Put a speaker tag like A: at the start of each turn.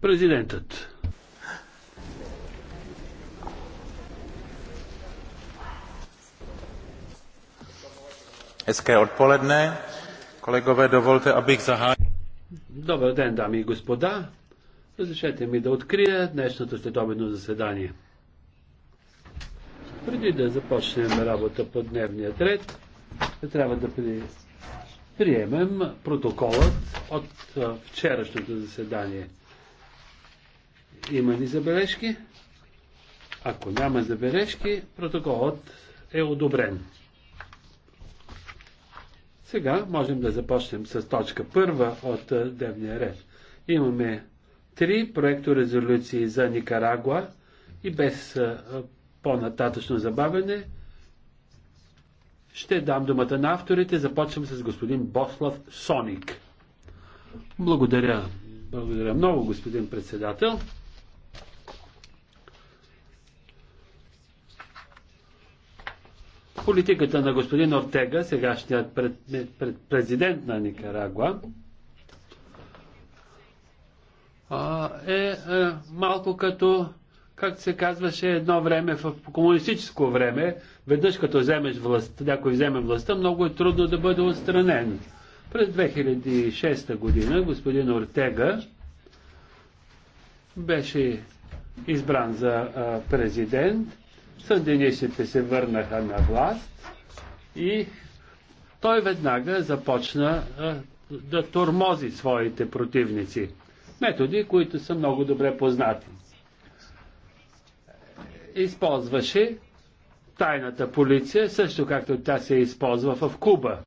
A: Президентът. Hezké odpoledne. Kolegové, dovolte, abych zahájil. Добър ден, дами и господа. Разрешете ми да открия днешното следобедно заседание. Преди да започнем работа по дневния ред, трябва да приемем протоколът от вчерашното заседание. Има ли забележки? Ако няма забележки, протоколът е одобрен. Сега можем да започнем с точка първа от дневния ред. Имаме три проекто резолюции за Никарагуа и без по-нататъчно забавене ще дам думата на авторите. Започвам с господин Бослав Соник. Благодаря. Благодаря много, господин председател. Политиката на господин Ортега, сегашният пред, пред, президент на Никарагуа, е, е малко като както се казваше едно време в комунистическо време, веднъж като вземеш власт, някой вземе властта, много е трудно да бъде отстранен. През 2006 година господин Ортега беше избран за президент, съндинистите се върнаха на власт и той веднага започна да тормози своите противници. Методи, които са много добре познати използваше тайната полиция, също както тя се използва в Куба.